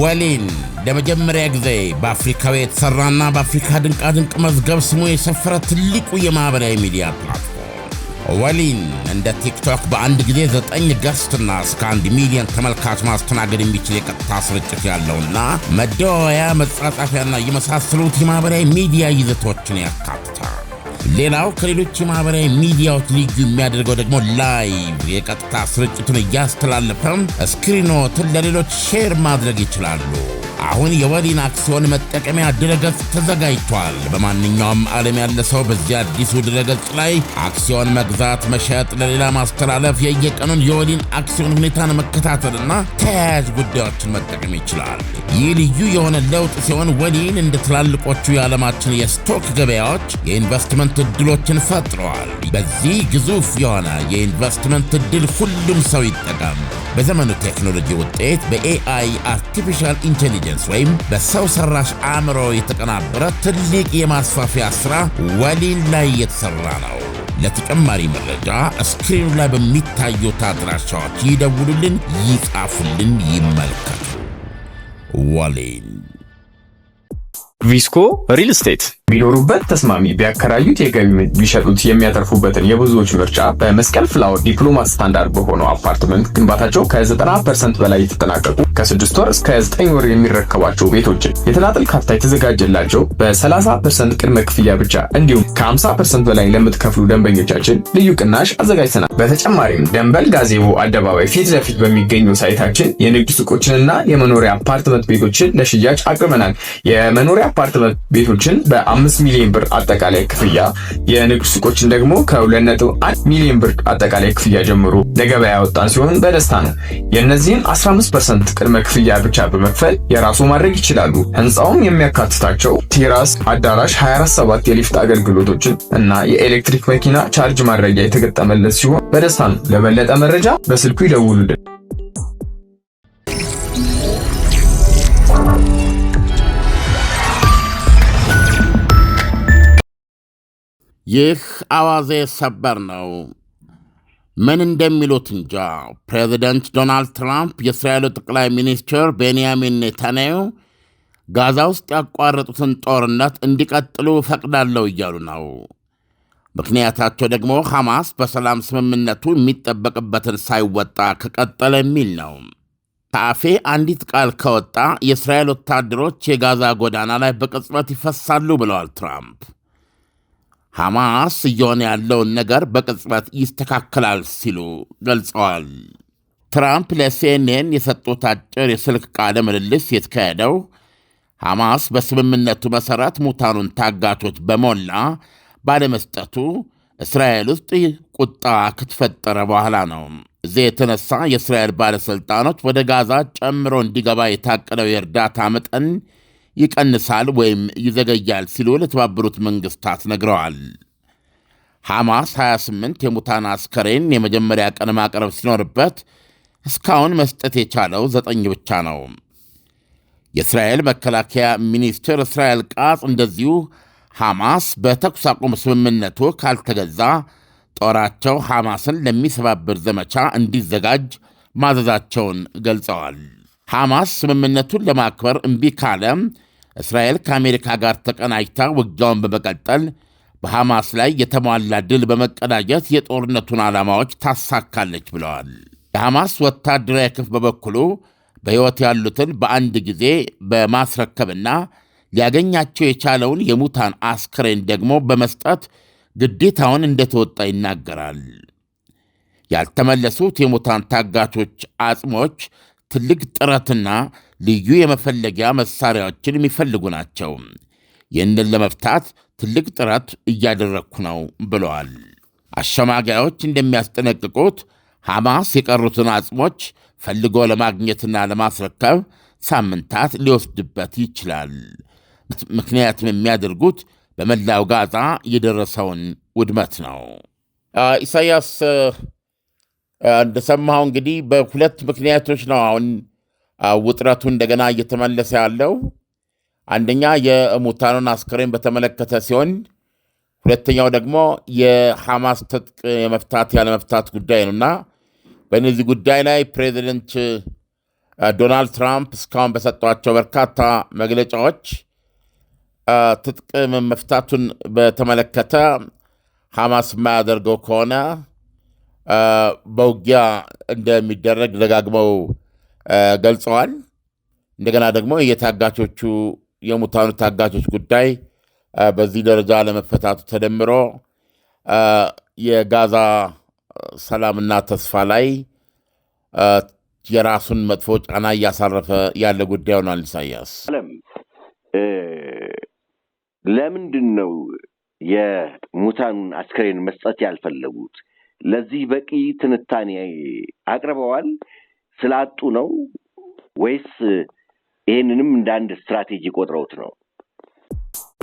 ወሊን ለመጀመሪያ ጊዜ በአፍሪካዊ የተሠራና በአፍሪካ ድንቃድንቅ መዝገብ ስሙ የሰፈረ ትልቁ የማኅበራዊ ሚዲያ ፕላትፎርም ወሊን እንደ ቲክቶክ በአንድ ጊዜ ዘጠኝ ገስትና እስከ አንድ ሚሊዮን ተመልካች ማስተናገድ የሚችል የቀጥታ ስርጭት ያለውና መደዋወያ፣ መጻጻፊያና የመሳሰሉት የማኅበራዊ ሚዲያ ይዘቶችን ያካል ሌላው ከሌሎች የማህበራዊ ሚዲያዎች ልዩ የሚያደርገው ደግሞ ላይቭ የቀጥታ ስርጭቱን እያስተላለፈም ስክሪኖትን ለሌሎች ሼር ማድረግ ይችላሉ። አሁን የወሊን አክሲዮን መጠቀሚያ ድረገጽ ተዘጋጅቷል። በማንኛውም ዓለም ያለ ሰው በዚህ አዲሱ ድረገጽ ላይ አክሲዮን መግዛት፣ መሸጥ፣ ለሌላ ማስተላለፍ፣ የየቀኑን የወሊን አክሲዮን ሁኔታን መከታተልና ተያያዥ ጉዳዮችን መጠቀም ይችላል። ይህ ልዩ የሆነ ለውጥ ሲሆን ወሊን እንደ ትላልቆቹ የዓለማችን የስቶክ ገበያዎች የኢንቨስትመንት እድሎችን ፈጥረዋል። በዚህ ግዙፍ የሆነ የኢንቨስትመንት እድል ሁሉም ሰው ይጠቀም። በዘመኑ ቴክኖሎጂ ውጤት በኤአይ አርቲፊሻል ኢንቴሊጀንስ ወይም በሰው ሰራሽ አእምሮ የተቀናበረ ትልቅ የማስፋፊያ ሥራ ወሊል ላይ እየተሠራ ነው። ለተጨማሪ መረጃ ስክሪኑ ላይ በሚታዩት አድራሻዎች ይደውሉልን፣ ይጻፉልን፣ ይመልከቱ። ወሊል ቪስኮ ሪል ስቴት ቢኖሩበት ተስማሚ ቢያከራዩት የገቢ ቢሸጡት የሚያተርፉበትን የብዙዎች ምርጫ በመስቀል ፍላወር ዲፕሎማት ስታንዳርድ በሆነው አፓርትመንት ግንባታቸው ከ90 ፐርሰንት በላይ የተጠናቀቁ ከስድስት ወር እስከ ዘጠኝ ወር የሚረከቧቸው ቤቶችን የተናጠል ካርታ የተዘጋጀላቸው በ30 ፐርሰንት ቅድመ ክፍያ ብቻ እንዲሁም ከ50 ፐርሰንት በላይ ለምትከፍሉ ደንበኞቻችን ልዩ ቅናሽ አዘጋጅተናል። በተጨማሪም ደንበል ጋዜቦ አደባባይ ፊት ለፊት በሚገኙ ሳይታችን የንግድ ሱቆችንና የመኖሪያ አፓርትመንት ቤቶችን ለሽያጭ አቅርበናል። የመኖሪያ አፓርትመንት ቤቶችን በ አምስት ሚሊዮን ብር አጠቃላይ ክፍያ የንግድ ሱቆችን ደግሞ ከ21 ሚሊዮን ብር አጠቃላይ ክፍያ ጀምሮ ለገበያ ያወጣን ሲሆን በደስታ ነው። የእነዚህን 15 ፐርሰንት ቅድመ ክፍያ ብቻ በመክፈል የራሱ ማድረግ ይችላሉ። ህንፃውም የሚያካትታቸው ቴራስ፣ አዳራሽ፣ 247 የሊፍት አገልግሎቶችን እና የኤሌክትሪክ መኪና ቻርጅ ማድረጊያ የተገጠመለት ሲሆን በደስታ ነው። ለበለጠ መረጃ በስልኩ ይደውሉልን። ይህ አዋዜ ሰበር ነው። ምን እንደሚሉት እንጃ። ፕሬዚደንት ዶናልድ ትራምፕ የእስራኤሉ ጠቅላይ ሚኒስትር ቤንያሚን ኔታንያሁ ጋዛ ውስጥ ያቋረጡትን ጦርነት እንዲቀጥሉ ፈቅዳለሁ እያሉ ነው። ምክንያታቸው ደግሞ ሐማስ በሰላም ስምምነቱ የሚጠበቅበትን ሳይወጣ ከቀጠለ የሚል ነው። ከአፌ አንዲት ቃል ከወጣ የእስራኤል ወታደሮች የጋዛ ጎዳና ላይ በቅጽበት ይፈሳሉ ብለዋል ትራምፕ። ሐማስ እየሆነ ያለውን ነገር በቅጽበት ይስተካከላል ሲሉ ገልጸዋል። ትራምፕ ለሲኤንኤን የሰጡት አጭር የስልክ ቃለ ምልልስ የተካሄደው ሐማስ በስምምነቱ መሠረት ሙታኑን ታጋቾች በሞላ ባለመስጠቱ እስራኤል ውስጥ ቁጣ ከተፈጠረ በኋላ ነው። እዚህ የተነሳ የእስራኤል ባለሥልጣኖች ወደ ጋዛ ጨምሮ እንዲገባ የታቀደው የእርዳታ መጠን ይቀንሳል ወይም ይዘገያል ሲሉ ለተባበሩት መንግሥታት ነግረዋል። ሐማስ 28 የሙታን አስከሬን የመጀመሪያ ቀን ማቅረብ ሲኖርበት እስካሁን መስጠት የቻለው ዘጠኝ ብቻ ነው። የእስራኤል መከላከያ ሚኒስትር እስራኤል ቃጽ እንደዚሁ ሐማስ በተኩስ አቁም ስምምነቱ ካልተገዛ ጦራቸው ሐማስን ለሚሰባብር ዘመቻ እንዲዘጋጅ ማዘዛቸውን ገልጸዋል። ሐማስ ስምምነቱን ለማክበር እምቢ ካለ እስራኤል ከአሜሪካ ጋር ተቀናጅታ ውጊያውን በመቀጠል በሐማስ ላይ የተሟላ ድል በመቀዳጀት የጦርነቱን ዓላማዎች ታሳካለች ብለዋል። የሐማስ ወታደራዊ ክፍ በበኩሉ በሕይወት ያሉትን በአንድ ጊዜ በማስረከብና ሊያገኛቸው የቻለውን የሙታን አስክሬን ደግሞ በመስጠት ግዴታውን እንደተወጣ ይናገራል። ያልተመለሱት የሙታን ታጋቾች አጽሞች ትልቅ ጥረትና ልዩ የመፈለጊያ መሳሪያዎችን የሚፈልጉ ናቸው። ይህንን ለመፍታት ትልቅ ጥረት እያደረግኩ ነው ብለዋል። አሸማጋዮች እንደሚያስጠነቅቁት ሐማስ የቀሩትን አጽሞች ፈልጎ ለማግኘትና ለማስረከብ ሳምንታት ሊወስድበት ይችላል። ምክንያትም የሚያደርጉት በመላው ጋዛ የደረሰውን ውድመት ነው። ኢሳያስ እንደሰማኸው እንግዲህ በሁለት ምክንያቶች ነው አሁን ውጥረቱ እንደገና እየተመለሰ ያለው አንደኛ የሙታኑን አስክሬን በተመለከተ ሲሆን ሁለተኛው ደግሞ የሐማስ ትጥቅ የመፍታት ያለመፍታት ጉዳይ ነው እና በእነዚህ ጉዳይ ላይ ፕሬዚደንት ዶናልድ ትራምፕ እስካሁን በሰጧቸው በርካታ መግለጫዎች ትጥቅ መፍታቱን በተመለከተ ሐማስ የማያደርገው ከሆነ በውጊያ እንደሚደረግ ደጋግመው ገልጸዋል። እንደገና ደግሞ የታጋቾቹ የሙታኑ ታጋቾች ጉዳይ በዚህ ደረጃ ለመፈታቱ ተደምሮ የጋዛ ሰላምና ተስፋ ላይ የራሱን መጥፎ ጫና እያሳረፈ ያለ ጉዳይ ሆኗል። ኢሳያስ አለም ለምንድን ነው የሙታኑን አስክሬን መስጠት ያልፈለጉት? ለዚህ በቂ ትንታኔ አቅርበዋል። ስላጡ ነው ወይስ ይህንንም እንደ አንድ ስትራቴጂ ቆጥረውት ነው?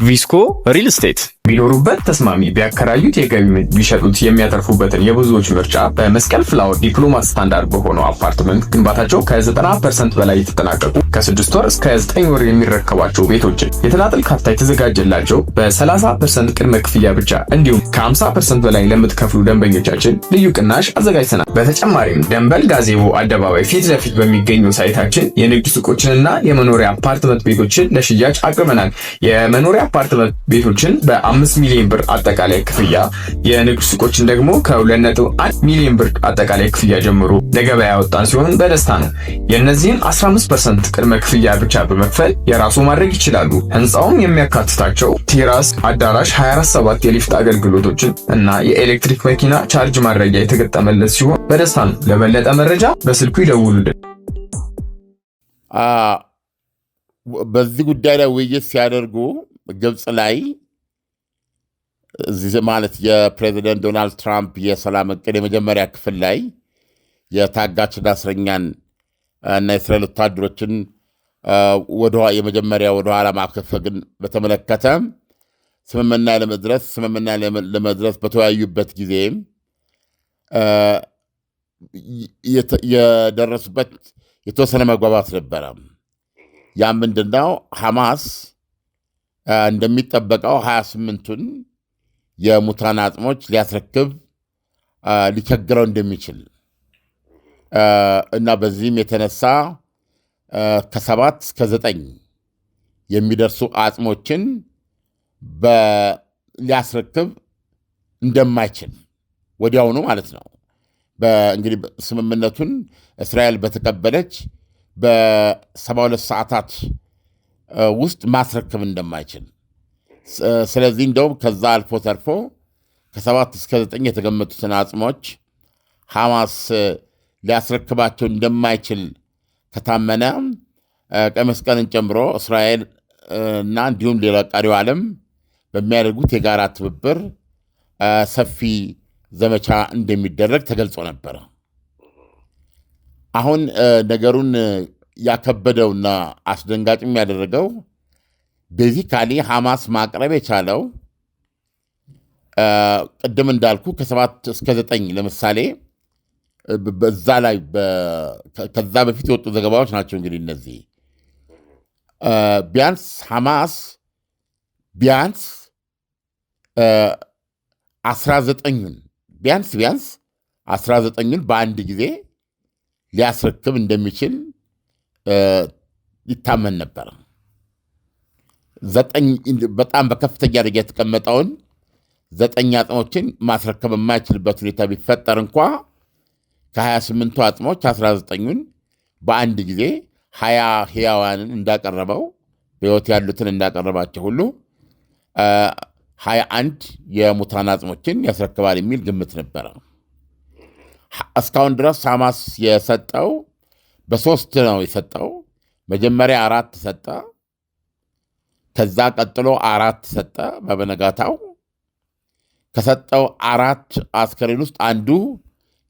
ቪስኮ ሪል ስቴት ቢኖሩበት ተስማሚ ቢያከራዩት የገቢ ቢሸጡት የሚያተርፉበትን የብዙዎች ምርጫ በመስቀል ፍላወር ዲፕሎማት ስታንዳርድ በሆነው አፓርትመንት ግንባታቸው ከ90 ፐርሰንት በላይ የተጠናቀቁ ከስድስት ወር እስከ ዘጠኝ ወር የሚረከቧቸው ቤቶችን የተናጠል ካርታ የተዘጋጀላቸው በ30 ፐርሰንት ቅድመ ክፍያ ብቻ እንዲሁም ከ50 ፐርሰንት በላይ ለምትከፍሉ ደንበኞቻችን ልዩ ቅናሽ አዘጋጅተናል። በተጨማሪም ደንበል ጋዜቦ አደባባይ ፊት ለፊት በሚገኙ ሳይታችን የንግድ ሱቆችንና የመኖሪያ አፓርትመንት ቤቶችን ለሽያጭ አቅርበናል። የመኖሪያ አፓርትመንት ቤቶችን በ አምስት ሚሊዮን ብር አጠቃላይ ክፍያ የንግድ ሱቆችን ደግሞ ከ21 ሚሊዮን ብር አጠቃላይ ክፍያ ጀምሮ ለገበያ ያወጣን ሲሆን በደስታ ነው። የእነዚህን 15 ፐርሰንት ቅድመ ክፍያ ብቻ በመክፈል የራሱ ማድረግ ይችላሉ። ህንፃውም የሚያካትታቸው ቴራስ፣ አዳራሽ፣ 247 የሊፍት አገልግሎቶችን እና የኤሌክትሪክ መኪና ቻርጅ ማድረጊያ የተገጠመለት ሲሆን በደስታ ነው። ለበለጠ መረጃ በስልኩ ይደውሉልን። በዚህ ጉዳይ ላይ ውይይት ሲያደርጉ ግብፅ ላይ ማለት የፕሬዚደንት ዶናልድ ትራምፕ የሰላም እቅድ የመጀመሪያ ክፍል ላይ የታጋችና እስረኛን እና የእስራኤል ወታደሮችን የመጀመሪያ ወደኋላ ማፈግፈግን በተመለከተ ስምምና ለመድረስ ስምምና ለመድረስ በተወያዩበት ጊዜ የደረሱበት የተወሰነ መግባባት ነበረ። ያ ምንድነው? ሐማስ እንደሚጠበቀው 28 ስምንቱን የሙታን አጽሞች ሊያስረክብ ሊቸግረው እንደሚችል እና በዚህም የተነሳ ከሰባት እስከ ዘጠኝ የሚደርሱ አጽሞችን ሊያስረክብ እንደማይችል ወዲያውኑ ማለት ነው። እንግዲህ ስምምነቱን እስራኤል በተቀበለች በሰባ 72 ሰዓታት ውስጥ ማስረክብ እንደማይችል ስለዚህ እንደውም ከዛ አልፎ ተርፎ ከሰባት እስከ ዘጠኝ የተገመቱትን አጽሞች ሐማስ ሊያስረክባቸው እንደማይችል ከታመነ ቀይ መስቀልን ጨምሮ እስራኤል እና እንዲሁም ሌላ ቀሪው ዓለም በሚያደርጉት የጋራ ትብብር ሰፊ ዘመቻ እንደሚደረግ ተገልጾ ነበረ። አሁን ነገሩን ያከበደውና አስደንጋጭ የሚያደረገው። ቤዚካሊ ሐማስ ማቅረብ የቻለው ቅድም እንዳልኩ ከሰባት እስከ ዘጠኝ ለምሳሌ በዛ ላይ ከዛ በፊት የወጡ ዘገባዎች ናቸው። እንግዲህ እነዚህ ቢያንስ ሐማስ ቢያንስ አስራ ዘጠኙን ቢያንስ ቢያንስ አስራ ዘጠኙን በአንድ ጊዜ ሊያስረክብ እንደሚችል ይታመን ነበር። በጣም በከፍተኛ ደረጃ የተቀመጠውን ዘጠኝ አጽሞችን ማስረከብ የማይችልበት ሁኔታ ቢፈጠር እንኳ ከ28ቱ አጽሞች 19ኙን በአንድ ጊዜ ሀያ ህያዋንን እንዳቀረበው በሕይወት ያሉትን እንዳቀረባቸው ሁሉ ሀያ አንድ የሙታን አጽሞችን ያስረክባል የሚል ግምት ነበረ። እስካሁን ድረስ ሐማስ የሰጠው በሶስት ነው የሰጠው። መጀመሪያ አራት ሰጠ። ከዛ ቀጥሎ አራት ሰጠ በበነጋታው ከሰጠው አራት አስከሬን ውስጥ አንዱ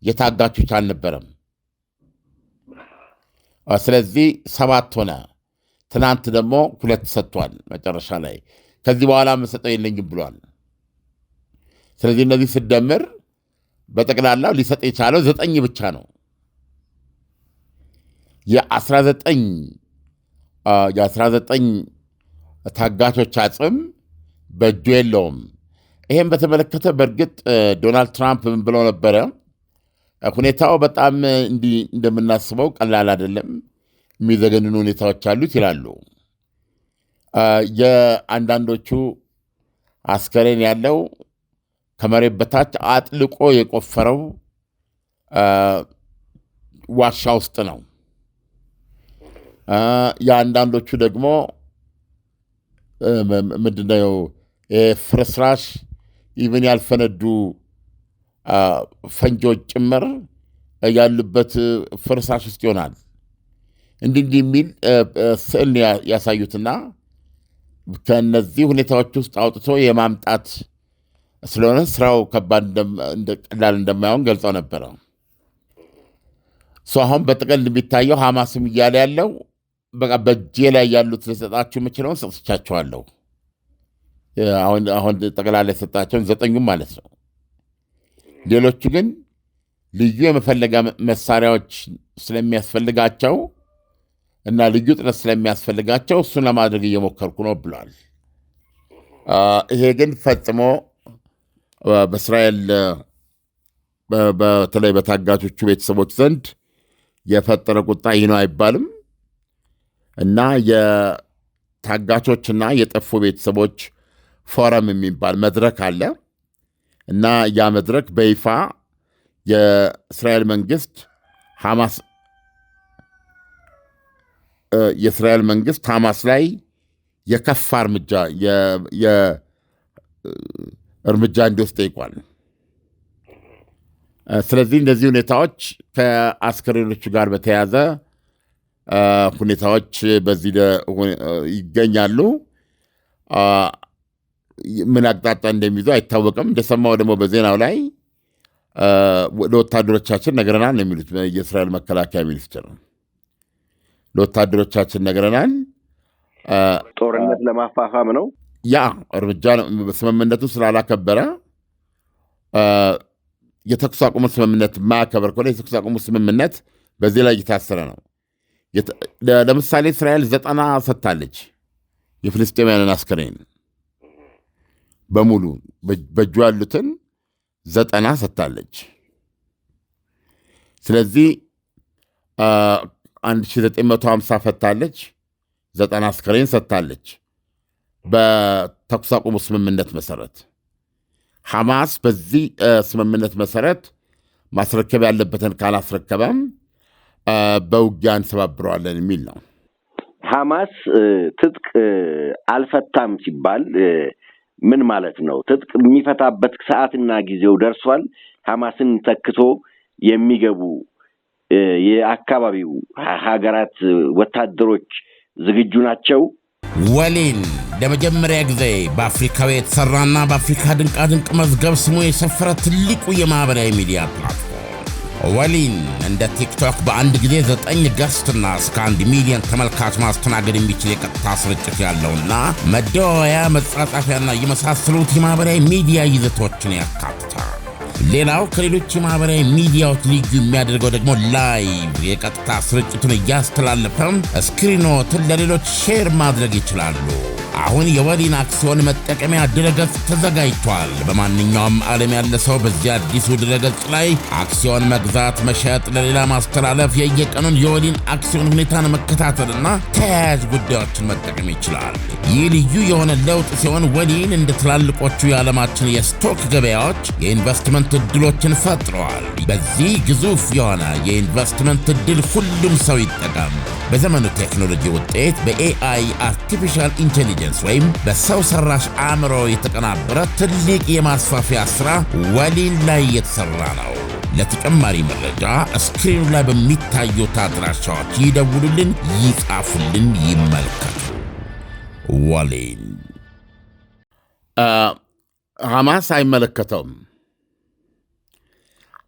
የታጋቾች አልነበረም። ስለዚህ ሰባት ሆነ። ትናንት ደግሞ ሁለት ሰጥቷል። መጨረሻ ላይ ከዚህ በኋላ መሰጠው የለኝም ብሏል። ስለዚህ እነዚህ ስደምር በጠቅላላው ሊሰጥ የቻለው ዘጠኝ ብቻ ነው። የአስራ ዘጠኝ የአስራ ዘጠኝ ታጋቾች አጽም በእጁ የለውም። ይህም በተመለከተ በእርግጥ ዶናልድ ትራምፕ ምን ብለው ነበረ? ሁኔታው በጣም እንዲህ እንደምናስበው ቀላል አይደለም፣ የሚዘገንኑ ሁኔታዎች አሉት ይላሉ። የአንዳንዶቹ አስከሬን ያለው ከመሬት በታች አጥልቆ የቆፈረው ዋሻ ውስጥ ነው። የአንዳንዶቹ ደግሞ ምንድነው ፍርስራሽ ኢቨን ያልፈነዱ ፈንጆች ጭምር ያሉበት ፍርስራሽ ውስጥ ይሆናል። እንዲህ እንዲህ የሚል ስዕል ያሳዩትና ከነዚህ ሁኔታዎች ውስጥ አውጥቶ የማምጣት ስለሆነ ስራው ከባድ ቀላል እንደማይሆን ገልጸው ነበረ። አሁን በጥቅል የሚታየው ሐማስም እያለ ያለው በቃ በእጄ ላይ ያሉት ልሰጣችሁ የምችለውን ሰጥቻቸዋለሁ። አሁን አሁን ጠቅላላ የሰጣቸውን ዘጠኙም ማለት ነው። ሌሎቹ ግን ልዩ የመፈለጋ መሳሪያዎች ስለሚያስፈልጋቸው እና ልዩ ጥረት ስለሚያስፈልጋቸው እሱን ለማድረግ እየሞከርኩ ነው ብለዋል። ይሄ ግን ፈጽሞ በእስራኤል በተለይ በታጋቾቹ ቤተሰቦች ዘንድ የፈጠረ ቁጣ ይህ ነው አይባልም። እና የታጋቾችና የጠፉ ቤተሰቦች ፎረም የሚባል መድረክ አለ እና ያ መድረክ በይፋ የእስራኤል መንግስት ሐማስ የእስራኤል መንግስት ሐማስ ላይ የከፋ እርምጃ እርምጃ እንዲወስድ ጠይቋል። ስለዚህ እንደዚህ ሁኔታዎች ከአስከሬኖቹ ጋር በተያያዘ ሁኔታዎች በዚህ ይገኛሉ። ምን አቅጣጫ እንደሚይዙ አይታወቅም። እንደሰማው ደግሞ በዜናው ላይ ለወታደሮቻችን ነግረናል ነው የሚሉት የእስራኤል መከላከያ ሚኒስትር። ለወታደሮቻችን ነግረናል። ጦርነት ለማፋፋም ነው ያ እርምጃ ስምምነቱ ስላላከበረ የተኩስ አቁሙ ስምምነት ማያከበር ከሆነ የተኩስ አቁሙ ስምምነት በዚህ ላይ እየታሰረ ነው። ለምሳሌ እስራኤል ዘጠና ሰጥታለች የፍልስጤማያንን አስከሬን በሙሉ በእጁ ያሉትን ዘጠና ሰጥታለች። ስለዚህ 1950 ፈታለች፣ ዘጠና አስከሬን ሰጥታለች። በተኩስ አቁሙ ስምምነት መሰረት ሐማስ በዚህ ስምምነት መሰረት ማስረከብ ያለበትን ካላስረከበም በውጊያ እንሰባብረዋለን የሚል ነው። ሐማስ ትጥቅ አልፈታም ሲባል ምን ማለት ነው? ትጥቅ የሚፈታበት ሰዓትና ጊዜው ደርሷል። ሐማስን ተክቶ የሚገቡ የአካባቢው ሀገራት ወታደሮች ዝግጁ ናቸው። ወሊን ለመጀመሪያ ጊዜ በአፍሪካዊ የተሰራና በአፍሪካ ድንቃድንቅ መዝገብ ስሙ የሰፈረ ትልቁ የማህበራዊ ሚዲያ ፕላትፎርም ወሊን እንደ ቲክቶክ በአንድ ጊዜ ዘጠኝ ገስትና እስከ አንድ ሚሊዮን ተመልካች ማስተናገድ የሚችል የቀጥታ ስርጭት ያለውና መደዋወያ፣ መጻጻፊያና የመሳሰሉት የማህበራዊ ሚዲያ ይዘቶችን ያካትታል። ሌላው ከሌሎች የማህበራዊ ሚዲያዎች ልዩ የሚያደርገው ደግሞ ላይቭ የቀጥታ ስርጭቱን እያስተላለፈም ስክሪኖትን ለሌሎች ሼር ማድረግ ይችላሉ። አሁን የወሊን አክሲዮን መጠቀሚያ ድረገጽ ተዘጋጅቷል። በማንኛውም ዓለም ያለ ሰው በዚህ አዲሱ ድረገጽ ላይ አክሲዮን መግዛት፣ መሸጥ፣ ለሌላ ማስተላለፍ፣ የየቀኑን የወሊን አክሲዮን ሁኔታን መከታተልና ተያያዥ ጉዳዮችን መጠቀም ይችላል። ይህ ልዩ የሆነ ለውጥ ሲሆን ወሊን እንደ ትላልቆቹ የዓለማችን የስቶክ ገበያዎች የኢንቨስትመንት የኢንቨስትመንት እድሎችን ፈጥረዋል። በዚህ ግዙፍ የሆነ የኢንቨስትመንት እድል ሁሉም ሰው ይጠቀም። በዘመኑ ቴክኖሎጂ ውጤት በኤአይ አርቲፊሻል ኢንቴሊጀንስ ወይም በሰው ሰራሽ አእምሮ የተቀናበረ ትልቅ የማስፋፊያ ሥራ ወሊል ላይ የተሠራ ነው። ለተጨማሪ መረጃ ስክሪኑ ላይ በሚታዩት አድራሻዎች ይደውሉልን፣ ይጻፉልን፣ ይመልከቱ። ወሊል ሐማስ አይመለከተውም።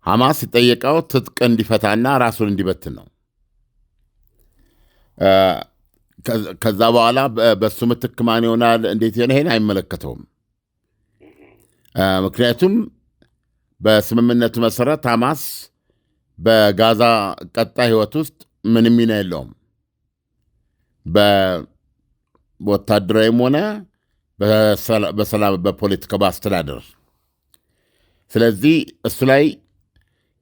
ሐማስ የጠየቀው ትጥቅ እንዲፈታና ራሱን እንዲበትን ነው። ከዛ በኋላ በእሱ ምትክ ማን ይሆናል፣ እንዴት ይሆን? ይሄን አይመለከተውም። ምክንያቱም በስምምነቱ መሰረት ሐማስ በጋዛ ቀጣይ ህይወት ውስጥ ምንም ሚና የለውም። በወታደራዊም ሆነ በሰላም፣ በፖለቲካ፣ በአስተዳደር። ስለዚህ እሱ ላይ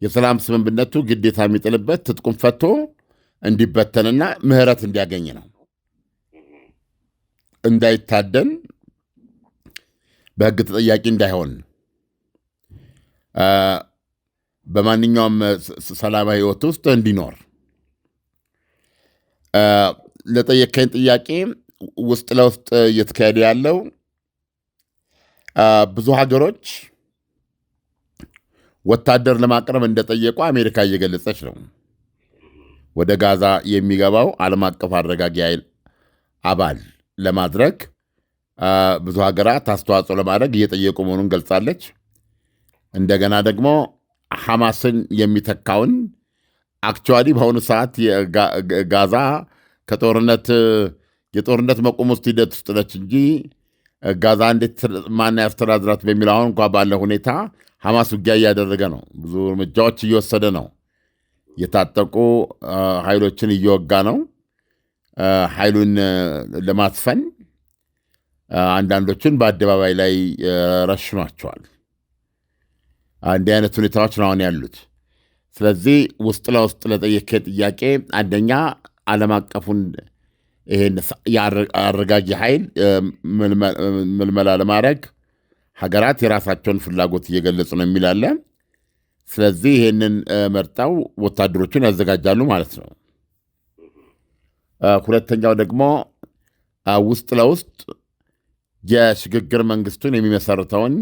የሰላም ስምምነቱ ግዴታ የሚጥልበት ትጥቁም ፈቶ እንዲበተንና ምህረት እንዲያገኝ ነው። እንዳይታደን በህግ ተጠያቂ እንዳይሆን በማንኛውም ሰላማዊ ህይወት ውስጥ እንዲኖር። ለጠየከኝ ጥያቄ ውስጥ ለውስጥ እየተካሄደ ያለው ብዙ ሀገሮች ወታደር ለማቅረብ እንደጠየቁ አሜሪካ እየገለጸች ነው። ወደ ጋዛ የሚገባው ዓለም አቀፍ አረጋጊ ኃይል አባል ለማድረግ ብዙ ሀገራት አስተዋጽኦ ለማድረግ እየጠየቁ መሆኑን ገልጻለች። እንደገና ደግሞ ሐማስን የሚተካውን አክቹዋሊ በአሁኑ ሰዓት ጋዛ ከጦርነት የጦርነት መቆም ውስጥ ሂደት ውስጥ ነች እንጂ ጋዛ እንዴት ማን ያስተዳድራት በሚል አሁን እንኳ ባለ ሁኔታ ሐማስ ውጊያ እያደረገ ነው። ብዙ እርምጃዎች እየወሰደ ነው። የታጠቁ ኃይሎችን እየወጋ ነው። ኃይሉን ለማስፈን አንዳንዶቹን በአደባባይ ላይ ረሽኗቸዋል። እንዲህ አይነት ሁኔታዎች ነው አሁን ያሉት። ስለዚህ ውስጥ ለውስጥ ለጠየከ ጥያቄ አንደኛ ዓለም አቀፉን ይሄን አረጋጊ ኃይል ምልመላ ለማድረግ ሀገራት የራሳቸውን ፍላጎት እየገለጹ ነው የሚል አለ። ስለዚህ ይህንን መርጠው ወታደሮቹን ያዘጋጃሉ ማለት ነው። ሁለተኛው ደግሞ ውስጥ ለውስጥ የሽግግር መንግስቱን የሚመሰርተውን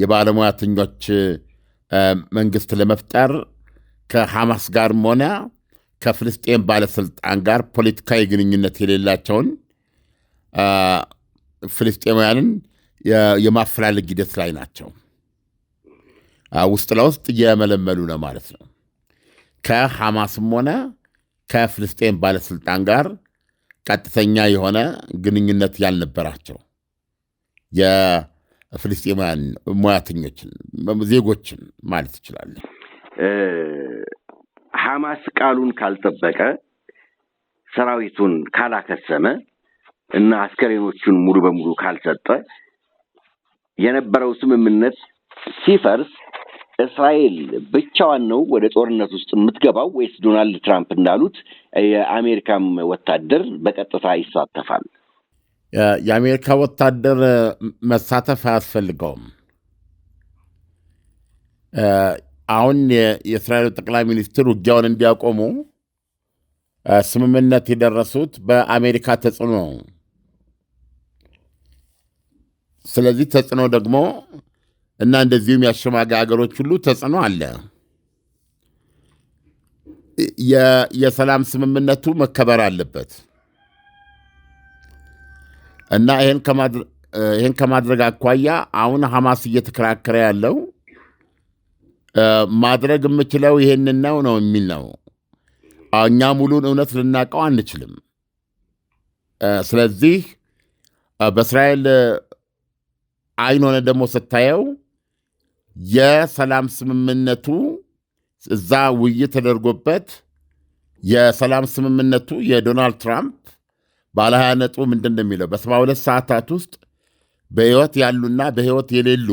የባለሙያተኞች መንግስት ለመፍጠር ከሐማስ ጋርም ሆነ ከፍልስጤን ባለስልጣን ጋር ፖለቲካዊ ግንኙነት የሌላቸውን ፍልስጤማውያንን የማፈላለግ ሂደት ላይ ናቸው። ውስጥ ለውስጥ እየመለመሉ ነው ማለት ነው። ከሐማስም ሆነ ከፍልስጤን ባለስልጣን ጋር ቀጥተኛ የሆነ ግንኙነት ያልነበራቸው የፍልስጤማውያን ሙያተኞችን ዜጎችን ማለት ይችላለን። ሐማስ ቃሉን ካልጠበቀ ሰራዊቱን ካላከሰመ እና አስከሬኖቹን ሙሉ በሙሉ ካልሰጠ የነበረው ስምምነት ሲፈርስ እስራኤል ብቻዋን ነው ወደ ጦርነት ውስጥ የምትገባው ወይስ ዶናልድ ትራምፕ እንዳሉት የአሜሪካም ወታደር በቀጥታ ይሳተፋል? የአሜሪካ ወታደር መሳተፍ አያስፈልገውም። አሁን የእስራኤሉ ጠቅላይ ሚኒስትር ውጊያውን እንዲያቆሙ ስምምነት የደረሱት በአሜሪካ ተጽዕኖ ነው። ስለዚህ ተጽዕኖ ደግሞ እና እንደዚሁም ያሸማጋ ሀገሮች ሁሉ ተጽዕኖ አለ። የሰላም ስምምነቱ መከበር አለበት እና ይህን ከማድረግ አኳያ አሁን ሐማስ እየተከራከረ ያለው ማድረግ የምችለው ይህን ነው ነው የሚል ነው። እኛ ሙሉን እውነት ልናውቀው አንችልም። ስለዚህ በእስራኤል አይን ሆነ ደግሞ ስታየው የሰላም ስምምነቱ እዛ ውይይት ተደርጎበት የሰላም ስምምነቱ የዶናልድ ትራምፕ ባለ ሀያ ነጥቡ ምንድን ነው የሚለው በሰባ ሁለት ሰዓታት ውስጥ በሕይወት ያሉና በሕይወት የሌሉ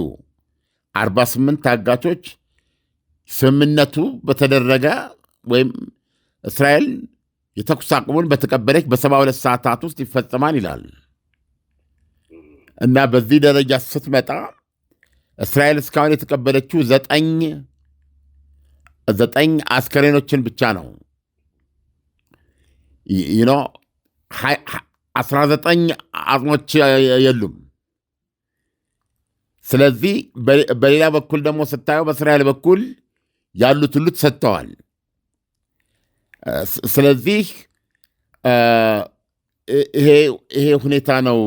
48 ታጋቾች ስምምነቱ በተደረገ ወይም እስራኤል የተኩስ አቁሙን በተቀበለች በሰባ ሁለት ሰዓታት ውስጥ ይፈጸማል ይላል። እና በዚህ ደረጃ ስትመጣ እስራኤል እስካሁን የተቀበለችው ዘጠኝ ዘጠኝ አስከሬኖችን ብቻ ነው። ይኖ አስራ ዘጠኝ አጽሞች የሉም። ስለዚህ በሌላ በኩል ደግሞ ስታየው በእስራኤል በኩል ያሉት ሁሉ ተሰጥተዋል። ስለዚህ ይሄ ሁኔታ ነው።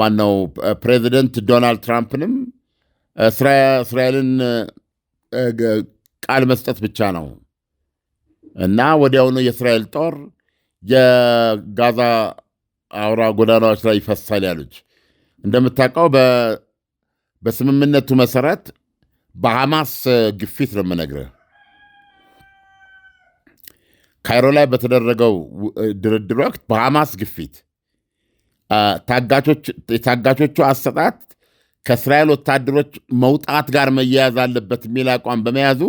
ማነው ፕሬዚደንት ዶናልድ ትራምፕንም እስራኤልን ቃል መስጠት ብቻ ነው እና ወዲያውኑ የእስራኤል ጦር የጋዛ አውራ ጎዳናዎች ላይ ይፈሳል ያሉች። እንደምታውቀው በስምምነቱ መሰረት በሐማስ ግፊት ነው የምነግርህ። ካይሮ ላይ በተደረገው ድርድር ወቅት በሐማስ ግፊት የታጋቾቹ አሰጣት ከእስራኤል ወታደሮች መውጣት ጋር መያያዝ አለበት የሚል አቋም በመያዙ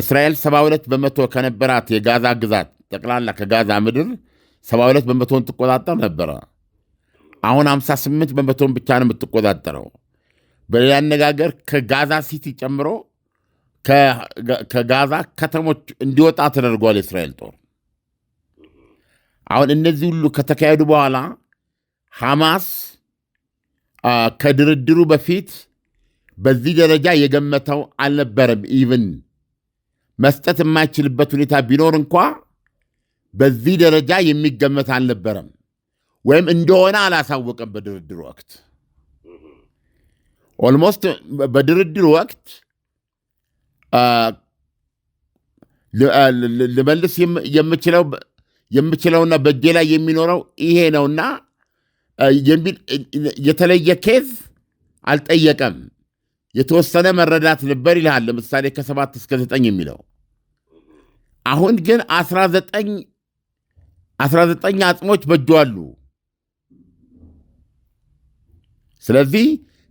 እስራኤል 72 በመቶ ከነበራት የጋዛ ግዛት ጠቅላላ ከጋዛ ምድር 72 በመቶን ትቆጣጠር ነበረ። አሁን 58 በመቶን ብቻ ነው የምትቆጣጠረው። በሌላ አነጋገር ከጋዛ ሲቲ ጨምሮ ከጋዛ ከተሞች እንዲወጣ ተደርጓል የእስራኤል ጦር። አሁን እነዚህ ሁሉ ከተካሄዱ በኋላ ሐማስ ከድርድሩ በፊት በዚህ ደረጃ የገመተው አልነበረም። ኢቭን መስጠት የማይችልበት ሁኔታ ቢኖር እንኳ በዚህ ደረጃ የሚገመት አልነበረም፣ ወይም እንደሆነ አላሳወቀም። በድርድሩ ወቅት ኦልሞስት በድርድሩ ወቅት ልመልስ የምችለውና በእጄ ላይ የሚኖረው ይሄ ነውና የሚል የተለየ ኬዝ አልጠየቀም። የተወሰነ መረዳት ነበር ይልሃል። ለምሳሌ ከሰባት እስከ ዘጠኝ የሚለው አሁን ግን አስራ ዘጠኝ አጽሞች በእጁ አሉ። ስለዚህ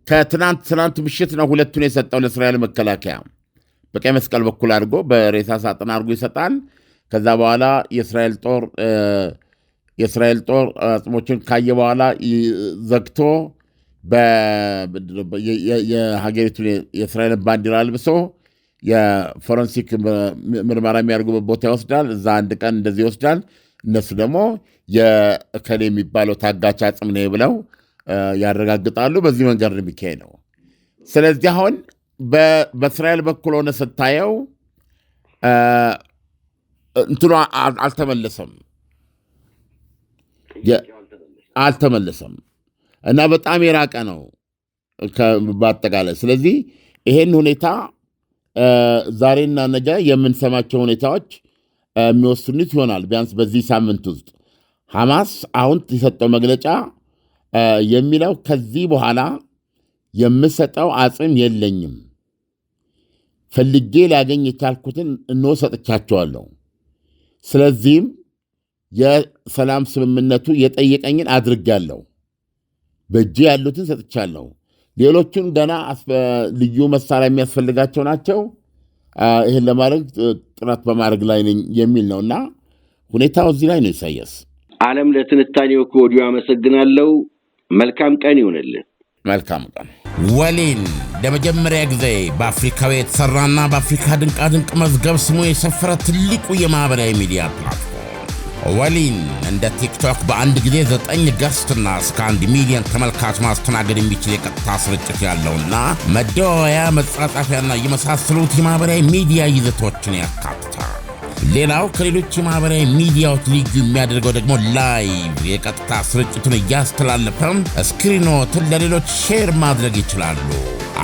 ከትናንት ትናንት ምሽት ነው ሁለቱን የሰጠው ለእስራኤል መከላከያ በቀይ መስቀል በኩል አድርጎ በሬሳ ሳጥን አድርጎ ይሰጣል። ከዛ በኋላ የእስራኤል ጦር የእስራኤል ጦር አጽሞችን ካየ በኋላ ዘግቶ የሀገሪቱን የእስራኤልን ባንዲራ አልብሶ የፎረንሲክ ምርመራ የሚያደርጉበት ቦታ ይወስዳል። እዛ አንድ ቀን እንደዚህ ይወስዳል። እነሱ ደግሞ የእከሌ የሚባለው ታጋች አጽም ነው ብለው ያረጋግጣሉ። በዚህ መንገድ ነው ስለዚህ አሁን በእስራኤል በኩል ሆነ ስታየው እንትኑ አልተመለሰም። አልተመለሰም እና በጣም የራቀ ነው በአጠቃላይ። ስለዚህ ይሄን ሁኔታ ዛሬና ነገ የምንሰማቸው ሁኔታዎች የሚወስኑት ይሆናል። ቢያንስ በዚህ ሳምንት ውስጥ ሐማስ አሁን የሰጠው መግለጫ የሚለው ከዚህ በኋላ የምሰጠው አጽም የለኝም፣ ፈልጌ ሊያገኝ የቻልኩትን እኖ ሰጥቻቸዋለሁ። ስለዚህም የሰላም ስምምነቱ የጠየቀኝን አድርጋለሁ። በእጅ ያሉትን ሰጥቻለሁ። ሌሎቹን ገና ልዩ መሳሪያ የሚያስፈልጋቸው ናቸው። ይህን ለማድረግ ጥረት በማድረግ ላይ ነኝ የሚል ነው እና ሁኔታው እዚህ ላይ ነው። ኢሳያስ አለም፣ ለትንታኔው ከወዲሁ አመሰግናለሁ። መልካም ቀን ይሆንልን። መልካም ቀን። ወሊን ለመጀመሪያ ጊዜ በአፍሪካዊ የተሰራና በአፍሪካ ድንቃድንቅ መዝገብ ስሙ የሰፈረ ትልቁ የማህበራዊ ሚዲያ ፕላትፎርም ወሊን እንደ ቲክቶክ በአንድ ጊዜ ዘጠኝ ገስትና እስከ አንድ ሚሊዮን ተመልካች ማስተናገድ የሚችል የቀጥታ ስርጭት ያለውና መደዋወያ፣ መጻጻፊያና የመሳሰሉት የማህበራዊ ሚዲያ ይዘቶችን ያካትታል። ሌላው ከሌሎች የማህበራዊ ሚዲያዎች ልዩ የሚያደርገው ደግሞ ላይቭ የቀጥታ ስርጭቱን እያስተላለፈም ስክሪኖትን ለሌሎች ሼር ማድረግ ይችላሉ።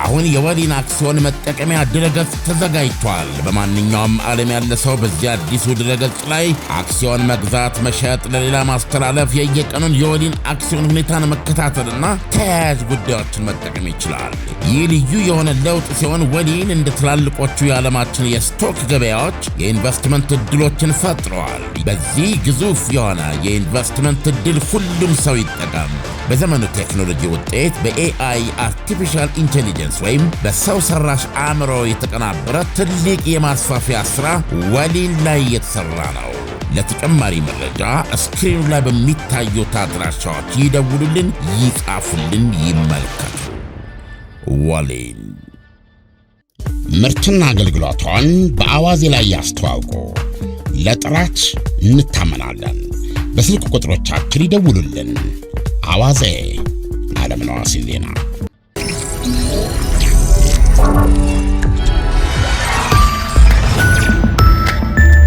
አሁን የወሊን አክሲዮን መጠቀሚያ ድረገጽ ተዘጋጅቷል። በማንኛውም ዓለም ያለ ሰው በዚህ አዲሱ ድረገጽ ላይ አክሲዮን መግዛት፣ መሸጥ፣ ለሌላ ማስተላለፍ፣ የየቀኑን የወሊን አክሲዮን ሁኔታን መከታተልና ተያያዥ ጉዳዮችን መጠቀም ይችላል። ይህ ልዩ የሆነ ለውጥ ሲሆን ወሊን እንደ ትላልቆቹ የዓለማችን የስቶክ ገበያዎች የኢንቨስትመንት እድሎችን ፈጥረዋል። በዚህ ግዙፍ የሆነ የኢንቨስትመንት እድል ሁሉም ሰው ይጠቀም። በዘመኑ ቴክኖሎጂ ውጤት በኤአይ አርቲፊሻል ኢንቴሊጀንስ ኢንቴሊጀንስ ወይም በሰው ሰራሽ አእምሮ የተቀናበረ ትልቅ የማስፋፊያ ሥራ ወሊል ላይ የተሠራ ነው። ለተጨማሪ መረጃ እስክሪኑ ላይ በሚታዩት አድራሻዎች ይደውሉልን፣ ይጻፉልን፣ ይመልከቱ። ወሊል ምርትና አገልግሎቷን በአዋዜ ላይ ያስተዋውቁ። ለጥራች እንታመናለን። በስልክ ቁጥሮቻችን ይደውሉልን። አዋዜ ዓለምነህ ዋሴ ዜና